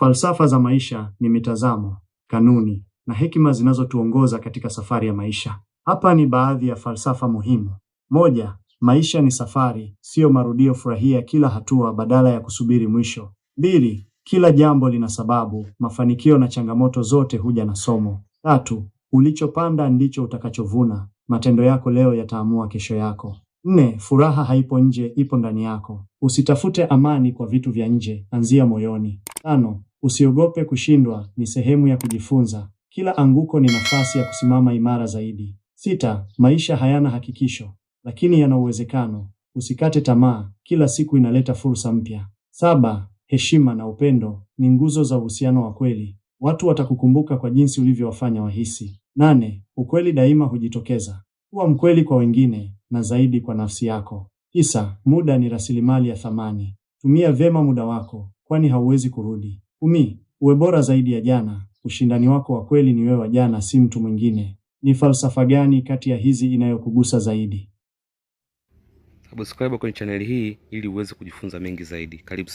Falsafa za maisha ni mitazamo, kanuni na hekima zinazotuongoza katika safari ya maisha. Hapa ni baadhi ya falsafa muhimu. Moja, maisha ni safari, siyo marudio. Furahia kila hatua badala ya kusubiri mwisho. Mbili, kila jambo lina sababu. Mafanikio na changamoto zote huja na somo. Tatu, ulichopanda ndicho utakachovuna. Matendo yako leo yataamua kesho yako. Nne, furaha haipo nje, ipo ndani yako. Usitafute amani kwa vitu vya nje, anzia moyoni. Tano, Usiogope kushindwa, ni sehemu ya kujifunza. Kila anguko ni nafasi ya kusimama imara zaidi. Sita, maisha hayana hakikisho, lakini yana uwezekano. Usikate tamaa, kila siku inaleta fursa mpya. Saba, heshima na upendo ni nguzo za uhusiano wa kweli. Watu watakukumbuka kwa jinsi ulivyowafanya wahisi. Nane, ukweli daima hujitokeza. Kuwa mkweli kwa wengine na zaidi kwa nafsi yako. Tisa, muda ni rasilimali ya thamani. Tumia vyema muda wako, kwani hauwezi kurudi. Kumi, uwe bora zaidi ya jana. Ushindani wako wa kweli ni wewe wa jana, si mtu mwingine. Ni falsafa gani kati ya hizi inayokugusa zaidi? Subscribe kwenye channel hii ili uweze kujifunza mengi zaidi. Karibu.